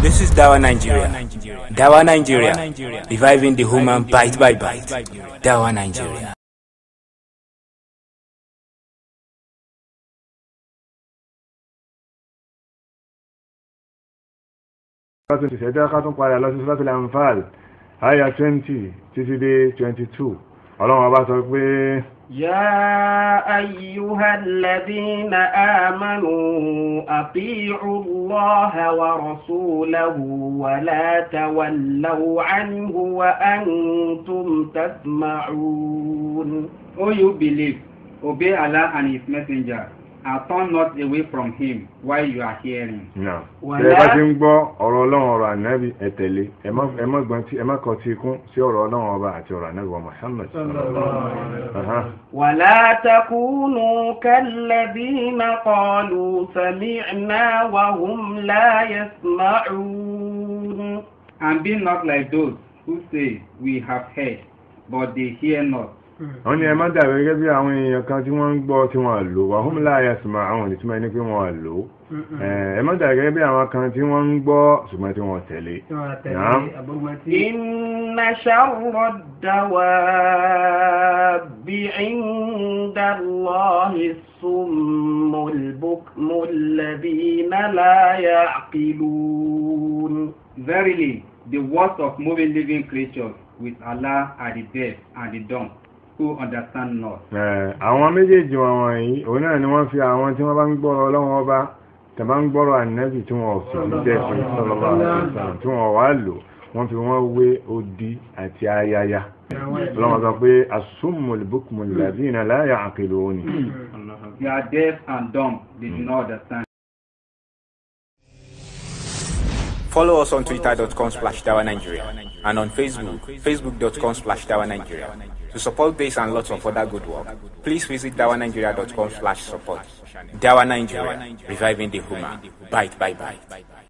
This is Dawa Nigeria. Dawa Nigeria. Reviving the human bite by bite. Dawa Nigeria. látún tìṣẹ́ jẹ́ ká tún padà lọ 20 títí 22 ọlọ́run ọba sọ pé. yá ayyuhal ladhina amanu. أطيعوا الله ورسوله ولا تولوا عنه وأنتم تسمعون. Oh you believe, obey Allah and His Messenger and uh, turn not away from him while you are hearing. ṣe bá ti ń gbọ́ ọ̀rọ̀ ọlọ́run ọ̀rọ̀ ànábì ẹ tẹ̀lé ẹ má gbọ́n ẹ má kọ́ tí kún sí ọ̀rọ̀ ọlọ́run ọba àti ọ̀rọ̀ ànábì wa Muhammad. wàlá takùnù kẹlẹ́bí máa kọlu sami'na wa hum la yasma'un. and be not like those who say we have heard but they hear not wọ́n ní ẹ má dàbí gẹ́gẹ́ bí àwọn èèyàn kan tí wọ́n ń gbọ́ tí wọ́n lò wà hum la yasma'un ìtumọ̀ ẹni pé wọ́n lò ẹ má dàbí gẹ́gẹ́ bí àwọn kan tí wọ́n ń gbọ́ ṣùgbọ́n tí wọ́n tẹ̀lé. inna sharra dawabbi inda Allahi summul bukmul ladhina la ya'qilun. verily the worst of moving living creatures with Allah are the deaf and the dumb who understand not. àwọn méjèèjì wọn wọ̀nyí òun náà ni wọ́n fi àwọn tí wọ́n bá ń gbọ́rọ̀ ọlọ́wọ́n ọba tí ń gbọ́rọ̀ ànábì tí wọ́n fi jẹ́ fún sọ́lọ́bà tí wọ́n wá lò wọ́n fi wọ́n wé odi àti ayaya ọlọ́wọ́n sọ pé asúmùlì bùkùmùlì àkèlò òní. they are deaf and dumb they do not understand. Follow us on twitter.com slash Tower Nigeria and on Facebook, facebook.com slash Tower Nigeria. To support this and lots of other good work, please visit dawanigeria.com slash support. Dawa Nigeria, reviving the human. Bite, bye, bye.